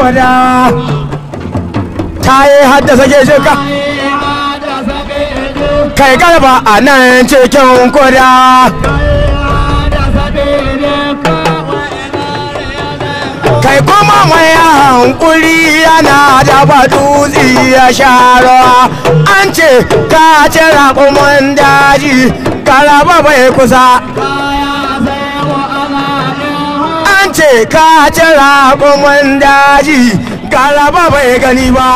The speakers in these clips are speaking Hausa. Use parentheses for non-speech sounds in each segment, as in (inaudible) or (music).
guda ta yi haddasa ka kai garba a nan cikin koda kai kuma mai hankuri yana da batutsi ya sharo an ce ka ci raƙumin daji garaba bai kusa ce ka ci raƙumin daji garaba bai gani ba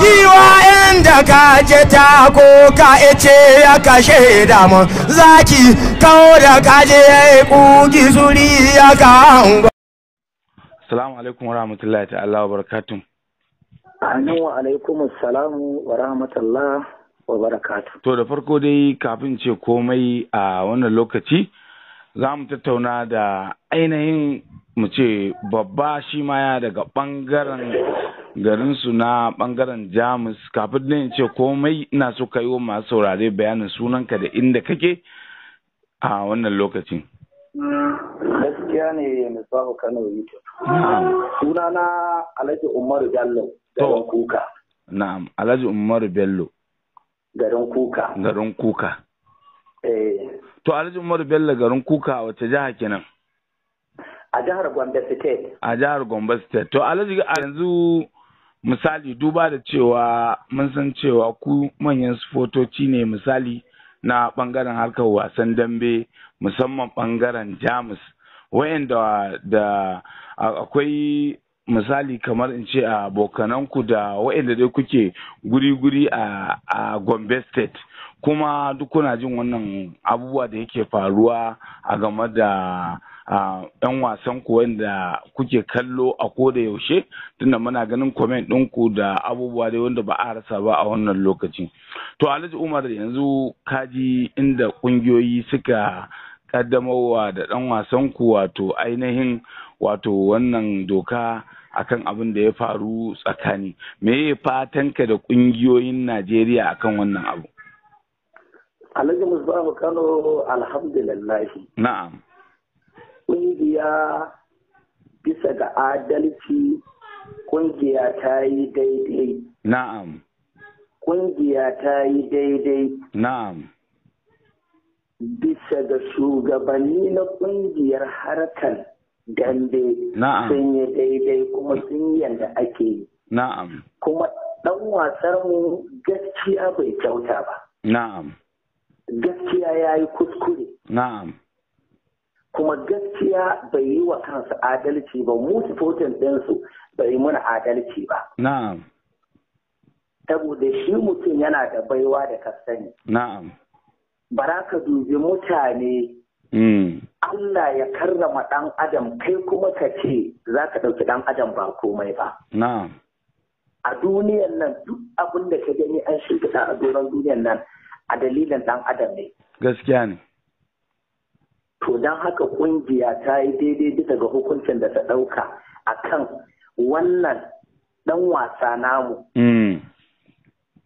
giwa inda ka je ta ko ka ice ya kashe daman zaki kawo da kaje ya yi kuki zuri ya ka hangwa Salamu alaikum wa rahmatullahi Allah wa barakatun. Amin wa alaikum salamu wa rahmatullah wa barakatun. To da farko dai kafin ce komai a wannan lokaci za mu tattauna da ainihin mu ce babba shi ma ya daga ɓangaren garinsu na ɓangaren jamus kafin nan ce komai ina so ka yi wa masu saurare bayanin sunanka da inda kake a wannan lokacin gaskiya ne misbahu kano Suna na alhaji umaru bello garin kuka na'am alhaji umaru bello garin kuka garin kuka Eh. To Alhaji Umaru Bello garin Kuka a wace jiha kenan? A jihar Gombe State. A jihar Gombe State. To Alhaji a yanzu misali duba da cewa mun san cewa ku manyan sufotoci ne misali na bangaren harkar wasan dambe musamman bangaren Jamus. Wayanda da akwai misali kamar in ce a bokananku da wayanda dai kuke guri-guri a Gombe State kuma duk kuna jin wannan abubuwa da yake faruwa a game da yan wasan ku wanda kuke kallo a ko da yaushe tunda muna ganin comment ɗinku da abubuwa dai wanda ba a rasa ba a wannan lokaci to alhaji umar yanzu kaji inda ƙungiyoyi suka kaddamarwa da ɗan wasan ku wato ainihin wato wannan doka akan abin da ya faru tsakani me fatanka da ƙungiyoyin najeriya akan wannan abu Alhaji Musbahu Kano alhamdulillahi. Na'am. Kungiya bisa ga adalci kungiya ta yi daidai. Na'am. Kungiya ta yi daidai. Na'am. Bisa ga shugabanni na kungiyar harkar dambe sun yi daidai kuma sun yadda ake yi. Na'am. Kuma ɗan wasarmu gaskiya bai kyauta ba. Na'am. gaskiya ya yi kuskure na'am kuma gaskiya bai yi wa kansa adalci ba mutu sifotin ɗinsu bai yi mana adalci ba na'am saboda shi mutum yana da baiwa da kasani na'am bara ka dubi mutane mm. Allah ya karrama ɗan adam kai kuma ka ce za ka ɗauki ɗan adam ba komai ba. Na'am. A duniyan nan duk abin da ka gani an shirka a doron duniyan nan a dalilin ɗan adam ne. Gaskiya ne. To don haka ƙungiya ta yi daidai bisa ga hukuncin da ta ɗauka a kan wannan ɗan wasa namu. Mm.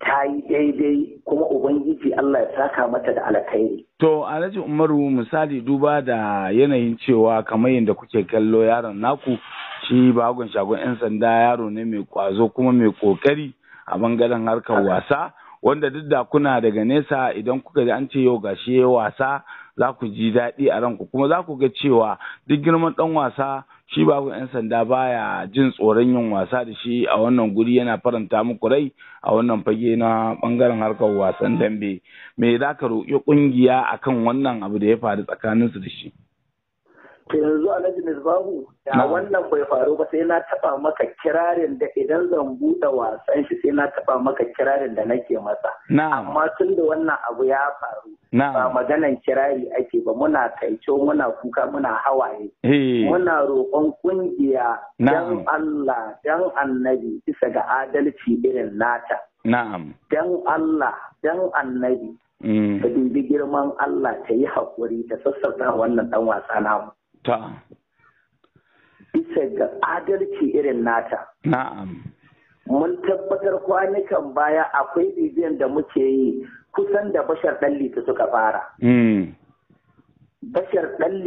Ta yi daidai kuma Ubangiji Allah ya saka mata da alkhairi. To Alhaji Umaru misali duba da yanayin cewa kamar yadda kuke kallo yaron naku shi bagon shagon 'yan sanda yaro ne mai kwazo kuma mai kokari a bangaren harkar wasa. wanda duk da kuna daga nesa idan kuka ji an ce yau gashi ya wasa za ku ji daɗi a ranku kuma za ku ga cewa duk girman ɗan wasa shi ba yan sanda baya jin tsoron yin wasa da shi a wannan guri yana faranta muku rai a wannan fage na bangaren harkar wasan dambe me za ka roƙi ƙungiya akan wannan abu da ya faru tsakaninsu da shi to yanzu alhaji misbahu da wannan bai faru ba sai na taba maka kirarin da idan zan buɗe wasan shi sai na taba maka kirarin da nake masa amma tun da wannan abu ya faru ba maganan kirari ake ba muna kaico muna kuka muna hawaye eh. muna roƙon kungiya dan Allah dan annabi bisa ga adalci irin nata na'am dan Allah dan annabi ta mm. dubi girman Allah ta yi haƙuri ta sassauta wannan ɗan wasa namu. ta bisa ga adalci irin nata na'am mun tabbatar kwanukan baya akwai bibiyan da muke yi kusan da bashar ɗan suka fara mm. bashar ɗan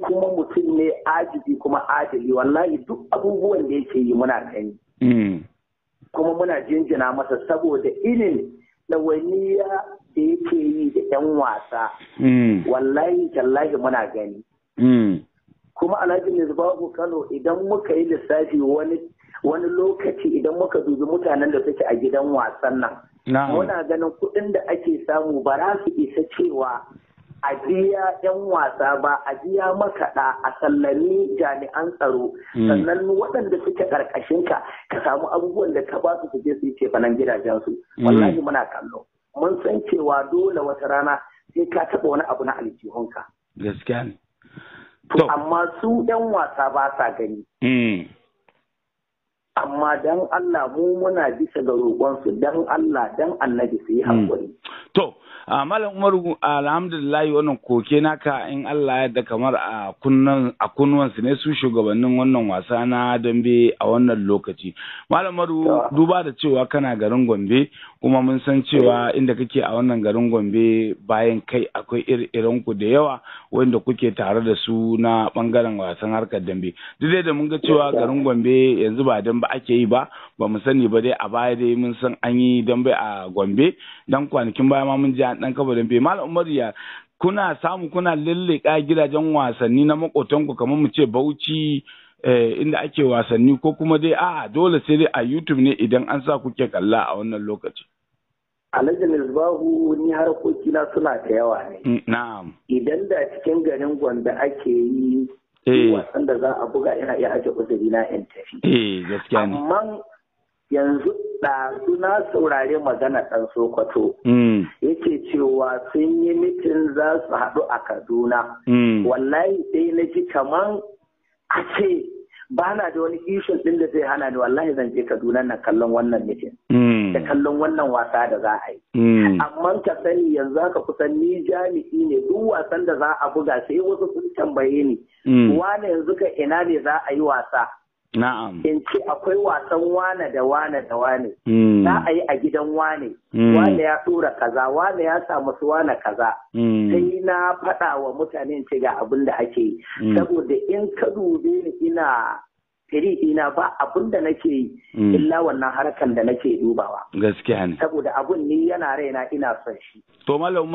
kuma mutum ne ajiji kuma adali wallahi duk abubuwan da yake yi muna gani mm. kuma muna jinjina masa saboda irin ya, da yake yi da 'yan wasa mm. wallahi tallahi muna gani kuma alhaji ne babu kano idan muka yi lissafi wani wani lokaci idan muka dubi mutanen da suke a gidan wasan nan muna ganin kuɗin da ake samu ba za su isa cewa a biya 'yan wasa ba a biya makaɗa a sallami jami'an tsaro hmm. sannan waɗanda suke ƙarƙashin ka ka samu abubuwan da ka ba su su je su yi cefanen gidajensu hmm. wallahi muna kallo mun san cewa dole wata rana sai ka taɓa wani abu na aljihunka gaskiya ne To, amma su 'yan wasa ba sa gani. Mm. amma dan Allah mu muna bisa ga roƙonsu dan Allah dan annabi su yi hmm. hankali. To, Malam Umaru alhamdulillahi wannan koke naka in Allah yadda kamar a su ne su shugabannin wannan wasa na dambe a wannan lokaci. Malam Umaru duba da cewa kana garin Gombe kuma mun san cewa eh. inda kake a wannan garin Gombe bayan kai akwai iri ku da yawa wanda kuke tare da su na bangaren wasan harkar dambe. Duk da mun ga cewa garin Gombe yanzu ba dan ba ake yi ba ba mu sani ba dai a baya dai mun san an yi dambe a Gombe dan kwanakin baya ma mun ji an dan kafa dambe Malam Umar ya kuna samu kuna ka gidajen wasanni na makotanku kamar mu ce Bauchi eh, inda ake wasanni ko kuma dai a dole sai dai a YouTube ne idan an sa kuke kalla a wannan lokaci. Alhaji Misbahu ni harkokina suna ta yawa ne. Mm, idan da cikin garin Gombe ake yi Eh. wasan da za a buga yana iya ajiye uzuri na in tafi eh, amma yanzu ɗazu na saurare magana ɗan sokoto hmm. yake cewa sun yi mitin za su haɗu a kaduna hmm. wallahi sai na ji kaman a ce ba na da wani ishin ɗin da zai hana ni wallahi zan je kaduna na kallon wannan mitin hmm. da kallon wannan wasa da za a yi. Hmm. Amma ka sani yanzu haka kusan ni jami'i ne duk wasan da za a buga sai wasu sun tambaye ni. Hmm. Wane yanzu ka ina ne za a yi wasa? Na'am. In ce akwai wasan wane da wane da wane. Hmm. Za a yi a gidan wane. Wane ya tura kaza, wane ya samu su wane kaza. Sai na faɗa wa mutane ce ga abin da ake yi. Saboda in ka dube ni ina shiri ina ba abun da nake yi mm. illa wannan harkan da nake dubawa gaskiya ne saboda abun ni yana raina ina son shi to malam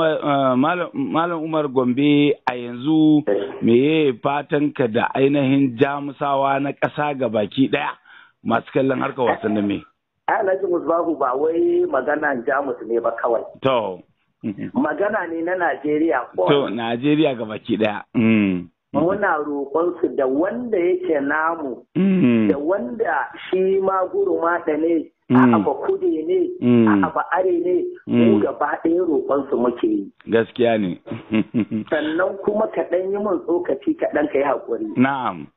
umar eh, gombe a yanzu meye fatan ka da ainihin jamusawa na ƙasa ga baki ɗaya masu kallon harkar wasannin me (laughs) alhaji musbahu ba wai magana jamus ne ba kawai to (laughs) magana ne na najeriya to najeriya ga baki ɗaya mm. muna roƙonsu da wanda yake namu mm. da wanda shi ma guruma da ne a mm. ba kude ne mm. a ba are ne mu gaba ɗaya roƙonsu muke yi gaskiya ne (laughs) sannan kuma kaɗan yi mun tsokaci kaɗan ka yi haƙuri na'am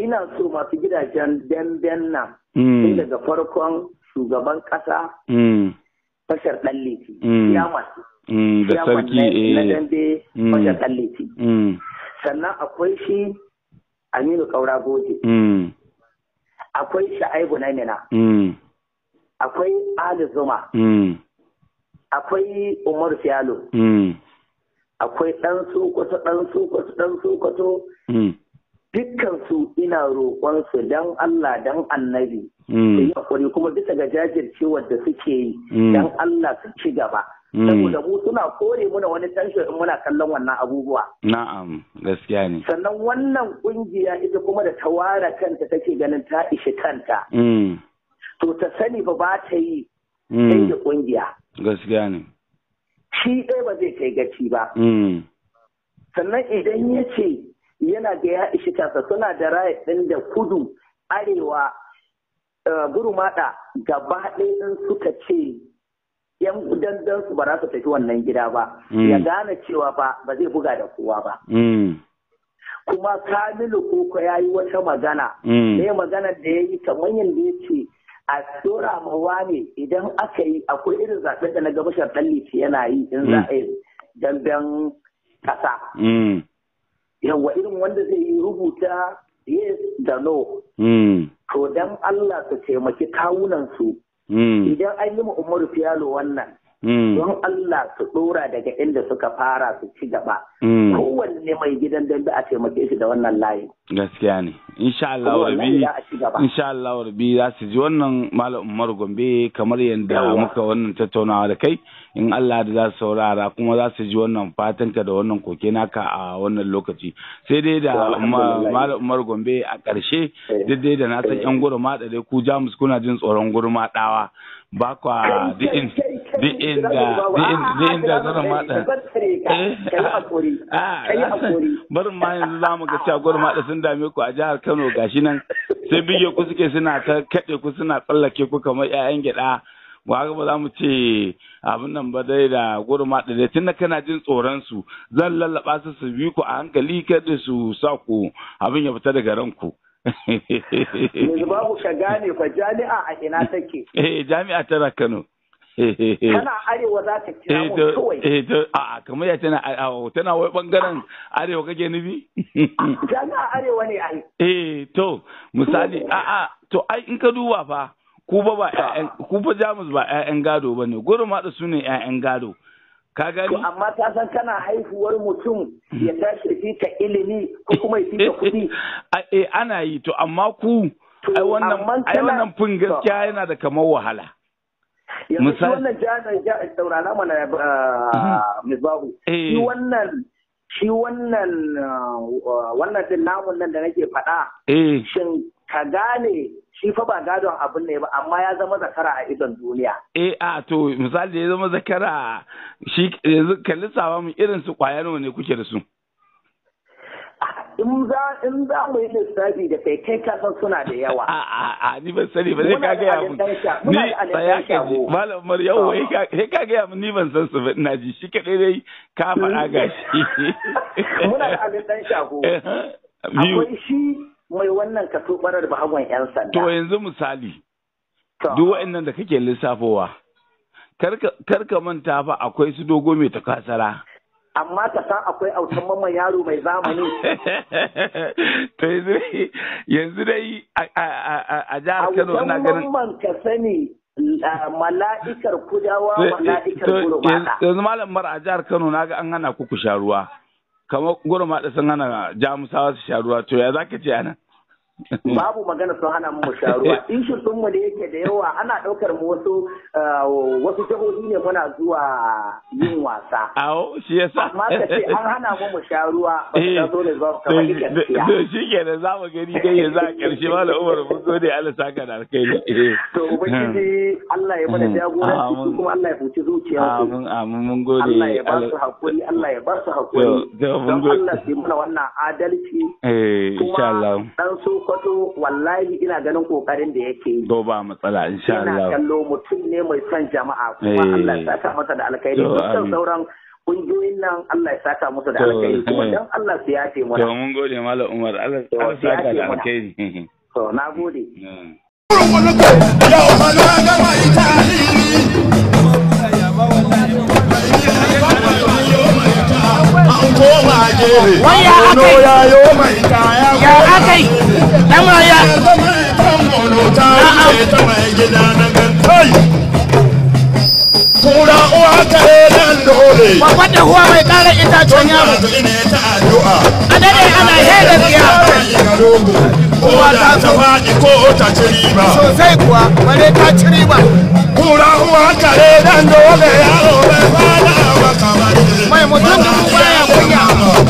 ina so masu gidajen damben nan daga farkon shugaban ƙasa tashar ɗan liti ya masu da sarki na eh. dambe tashar ɗan liti sannan akwai shi aminu kaura goje mm. akwai sha'aibu na mina mm. akwai ali zuma mm. akwai umar fiyalo akwai ɗan sokoto ɗan sokoto ɗan sokoto dukkan ina roƙon su dan Allah don annabi su yi kuma bisa ga jajircewar da suke yi don Allah su ci gaba Hmm. saboda mu suna kore muna wani tension in muna kallon wannan abubuwa na'am gaskiya ne sannan wannan kungiya ita kuma da ta tawara kanta take ganin ta ishi kanta hmm. to ta sani ba ba ta yi Ta hmm. da kungiya gaskiya ne shi ɗaya ba zai kai gaci ba sannan idan ya ce yana ga ya ishi kansa suna da raya ɗin da kudu arewa eh, gurumada gaba ɗaya suka ce yan dandan su ba za su tafi wannan gida ba mm. ya gane cewa ba ba zai buga da kowa ba mm. kuma kamilu koko ya yi wata magana ne mm. maganar da ya yi kamar yadda ya ce a mawa ne idan aka yi akwai irin zaɓen da na gabashar ɗallici yana yi in za a yi dandan ƙasa yawa irin wanda zai yi rubuta yes da no to dan Allah su taimaki kawunan su Hmm. idan an yi ma umaru fiyalo wannan Mm. don Allah su ɗora daga inda suka fara su ci gaba mm. kowanne mai gidan dambe a taimake shi da wannan layi gaskiya ne insha Allah warbi insha Allah warbi za su ji wannan malam Umar Gombe kamar yadda muka wannan tattaunawa da kai in Allah da za su saurara kuma za su ji wannan fatanka da wannan koke naka a wannan lokaci sai dai da malam Umar Gombe a ƙarshe eh. daidai da na san yan eh. gurma da ku Jamus kuna jin tsoron gurma ɗawa. ba kwa duk Bi'in da duk inda zan mada eh, (laughs) ah, barin ma yanzu za mu ga shagwar mada sun dame ku a jihar Kano gashi nan sai bige ku suke suna ta kaɗe ku suna tsallake ku kamar 'ya'yan gyaɗa ba haka ba za mu ce abin nan ba dai da gurin maɗa dai tun da kana jin tsoron su zan lallaba su su bi ku a hankali kada su sa ku abin ya fita daga ranku. (laughs) Yanzu babu ka gane fa jami'a a ina take. Eh jami'a tana Kano. Eh, eh, tana arewa za ta kira eh, mu kawai eh a kamar ya tana tana wai bangaren arewa kake nufi (laughs) tana arewa ne ai eh to misali a a to ai in ka duba fa ku ba ba ku fa jamus ba ƴaƴan gado bane gurin ma da su ne ƴaƴan gado ka gani amma ta san kana haihuwar mutum ya tashi fita ilimi ko kuma ya fita kuɗi (laughs) eh ana yi to amma ku ai wannan ai wannan fun gaskiya yana da kamar wahala yanzu wannan jihar ya saurana mana eh, misbahu mm-hmm. eh. shi wannan shi wannan eh, wannan din namun nan da nake faɗa shin ka gane shi fa ba gadon abin ne ba amma ya zama zakara a idon duniya. Eh a to misali ya zama zakara shi kalli mu irin su kwaya ne kuke da su. in za in za mu yi lissafi da kai kai ka san suna da yawa a a ni ban sani ba sai ka ga mu ni ya ka ji malam mar yau wai sai ka ga mu ni ban san su ba ina ji shi kadai dai ka fara gashi (laughs) muna da abin dan shago akwai shi mai wannan kaso barar hagon yan sanda to yanzu misali duk wa'annan da kake lissafowa karka manta fa akwai su dogo mai takasara amma ta san akwai autan mamman yaro mai zamani (laughs) to yanzu dai a jihar Kano na ganin Autan mamman ka sani mala'ikar kudawa mala'ikar gurmada yanzu malam mara a jihar Kano na ga an hana kuku ku sha ruwa kamar sun hana jamusawa su sha ruwa to ya ka ce anan babu magana sun hana mu sharuwa ruwa ishu din mu da yake da yawa ana daukar mu wasu uh, wasu jihohi ne muna zuwa yin wasa awo shi yasa amma ka ce an hana mu mu sha ba ka zo ne zuwa kamar gaskiya shi shikenan za mu gani dai ya za karshe mallam Umar mun gode Allah saka da alkhairi eh. to ubangiji Allah ya mana hmm. jagoranci kuma Allah ya fuci zuciya amin amin mun gode Allah ya ba su hakuri Allah ya ba su hakuri don Allah sai mana wannan adalci eh, kuma dan so Sokoto wallahi ina ganin kokarin da yake yi. To ba matsala insha Allah. Ina kallo mutum ne mai son jama'a kuma eh. Allah ya saka masa da alkhairi dukkan sauran kungiyoyin nan Allah ya saka masa da alkhairi kuma dan Allah su yafe mana. To mun gode Malam Umar Allah ya saka da alkhairi. To na gode. An koma gefe, ya aka yi, ya aka yi. wadda huwa mai ƙara itacen yaro a dade ana hera biya kowa ta ta faɗi ko ta ci riba sosai kuwa bare ta ci riba kura huwa kare dan dole yaro bai fada wa kamar mai mutum dubu baya kunya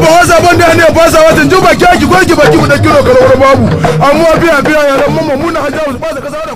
ba wasa ban da ne ba sa watan juba goki baki ku da kilo kalwar babu amma biya biya yaran mamma muna ba sa